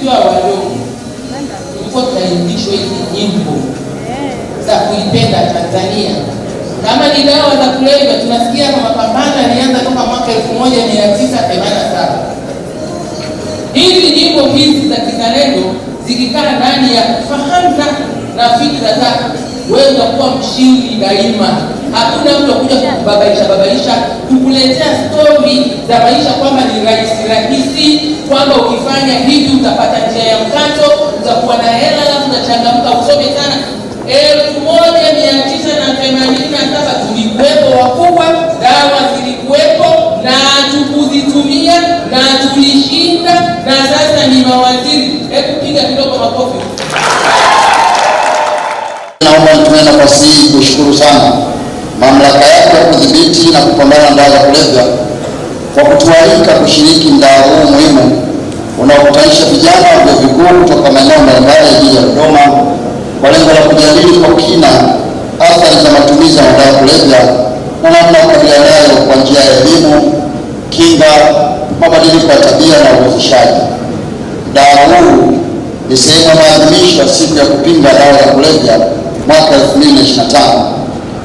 tukiwa wadogo tulikuwa tunaifundishwa hizi nyimbo za kuipenda Tanzania. Kama ni dawa za kulevya, tunasikia kwa mapambano yalianza toka mwaka elfu moja mia tisa themanini na saba. Hizi nyimbo hizi za kizalendo zikikaa ndani ya fahamu na fikra zako, wewe utakuwa mshindi daima. Hakuna mtu akuja kukubabaisha babaisha, kukuletea stori za maisha kwamba ni rahisi rahisi kwamba ukifanya hivi utapata njia ya mkato, utakuwa na hela, alafu unachangamka usome sana. elfu moja mia tisa na themanini na saba tulikuwepo wakubwa, dawa zilikuwepo na tukuzitumia na tulishinda, na sasa ni mawaziri. Hebu piga kidogo makofi. Naomba nitumie nafasi hii kushukuru sana mamlaka yako ya kudhibiti na kupambana na dawa za kulevya kwa kutualika kushiriki mdao huu muhimu unaokutanisha vijana wa vikuu kutoka maeneo mbalimbali ya jiji la Dodoma kwa lengo la kujadili kwa kina athari za matumizi ya madawa kulevya na namna ya kukabiliana nayo kwa njia ya elimu, kinga, mabadiliko ya tabia na uwezeshaji. Mdahalo huu ni sehemu ya maadhimisho ya siku ya kupinga dawa za kulevya mwaka 2025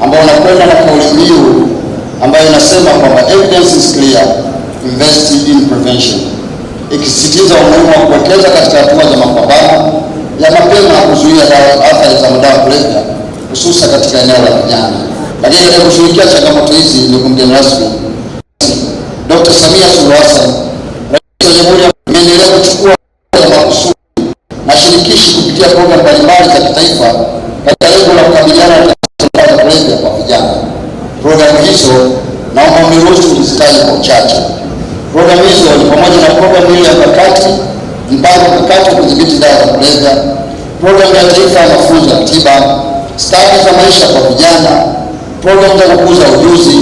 ambao unakwenda na kauli mbiu ambayo inasema kwamba evidence is clear, invest in prevention ikisisitiza umuhimu wa kuwekeza katika hatua za mapambano ya mapema ya kuzuia athari za madawa kulevya hususan katika eneo la vijana. Lakini katika kushughulikia changamoto hizi, ndugu mgeni rasmi, Dkt. Samia Suluhu Hassan, Rais wa Jamhuri ya Muungano, ameendelea kuchukua ya makusudi na shirikishi kupitia programu mbalimbali za kitaifa katika lengo la kukabiliana na kulevya kwa vijana. Programu hizo naomba mniruhusu nizitaje kwa uchache. Program hizo ni pamoja na programu ile ya pakati, mpango mkakati wa kudhibiti dawa za kulevya, programu ya taifa ya mafunzo ya tiba, stadi za maisha kwa vijana, programu za kukuza ujuzi,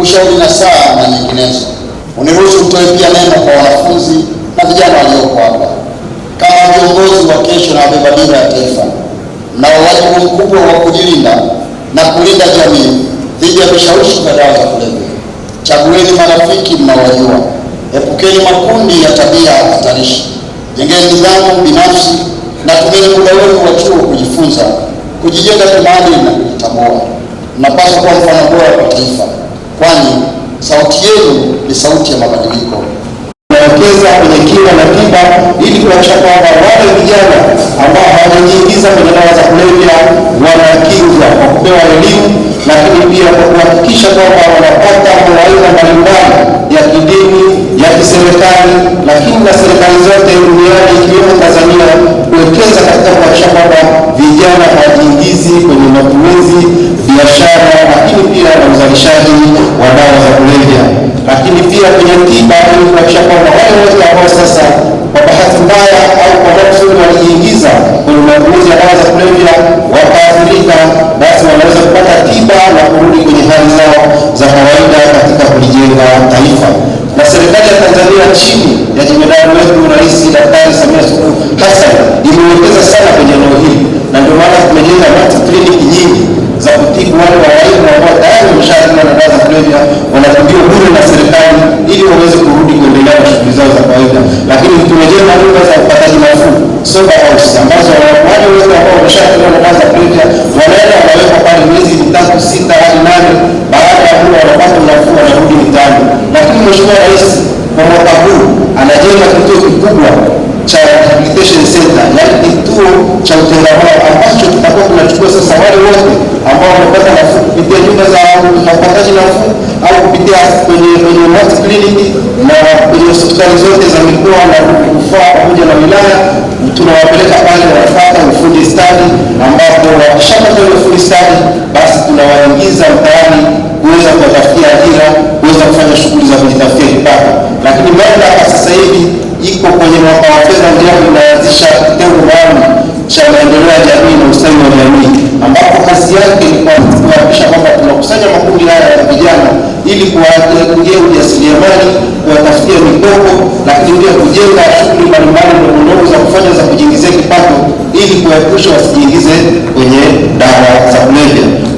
ushauri na saa na nyinginezo. Uniruhusu mtoe pia neno kwa wanafunzi na vijana walioko hapa. Kama viongozi wa kesho na wabeba dira ya taifa, na wajibu mkubwa wa kujilinda na kulinda jamii dhidi ya vishawishi vya dawa za kulevya. Chagueni marafiki mnaowajua Epukeni makundi ya tabia hatarishi, jengeni nidhamu binafsi na tumeni muda wenu wa chuo kujifunza, kujijenga kimaadili na kujitambua. Mnapaswa kuwa mfano bora kwa taifa, kwani sauti yenu ni sauti ya mabadiliko. Tunawekeza kwenye kinga na tiba ili kuhakikisha kwamba wale vijana ambao hawajajiingiza kwenye dawa za kulevya na serikali zote duniani ikiwemo Tanzania kuwekeza katika kuhakikisha kwamba vijana hawajiingizi kwenye matumizi, biashara, lakini pia na uzalishaji wa dawa za kulevya, lakini pia kwenye tiba, ili kuhakikisha kwamba wale wote ambao sasa kwa bahati mbaya au kwa makusudi walijiingiza kwenye matumizi ya dawa za kulevya wakaathirika, basi wanaweza kupata tiba na kurudi kwenye hali zao za kawaida katika kulijenga taifa. Tanzania chini ya jemedari wetu Rais Daktari Samia Suluhu Hassan imewekeza sana kwenye eneo hili, na ndio maana tumejenga nati kliniki nyingi za kutibu wale waraibu ambao tayari wameshaathiriwa na dawa za kulevya, wanatibiwa bure na serikali ili waweze kurudi kuendelea na shughuli zao za kawaida. Lakini tumejenga nyumba za upataji nafuu sober house, ambazo wale wote ambao wameshaathiriwa na dawa za kulevya wanaenda wanawekwa pale miezi mitatu, sita hadi nane. Baada ya kuwa wanapata nafuu, wanarudi mitaani. Lakini Mheshimiwa Rais kwa mwaka huu anajenga kituo kikubwa cha rehabilitation center, yani kituo cha utengamao ambacho kitakuwa kinachukua sasa wale wote ambao wamepata nafuu kupitia nyumba za wapataji nafuu au kupitia kwenye kwenye clinic na kwenye hospitali zote za mikoa na rufaa pamoja na wilaya, tunawapeleka pale, wanapata ufundi stadi, ambapo wakishapata ufundi stadi, basi tunawaingiza mtaani. maendeleo ya jamii na ustawi wa jamii, ambapo kazi yake ni kuhakikisha kwamba tunakusanya makundi haya ya vijana ili kuwajengea ujasiriamali, kuwatafutia mikopo, lakini pia kujenga shughuli mbalimbali ndogondogo za kufanya za kujiingizia kipato ili kuwaepusha wasijiingize kwenye dawa za kulevya.